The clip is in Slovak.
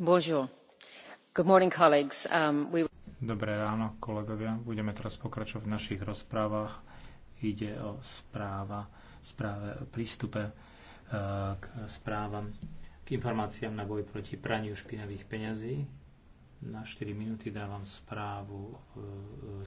Um, Dobré ráno, kolegovia. Budeme teraz pokračovať v našich rozprávach. Ide o správa, správe, prístupe uh, k správam, k informáciám na boj proti praniu špinavých peňazí. Na 4 minúty dávam správu uh,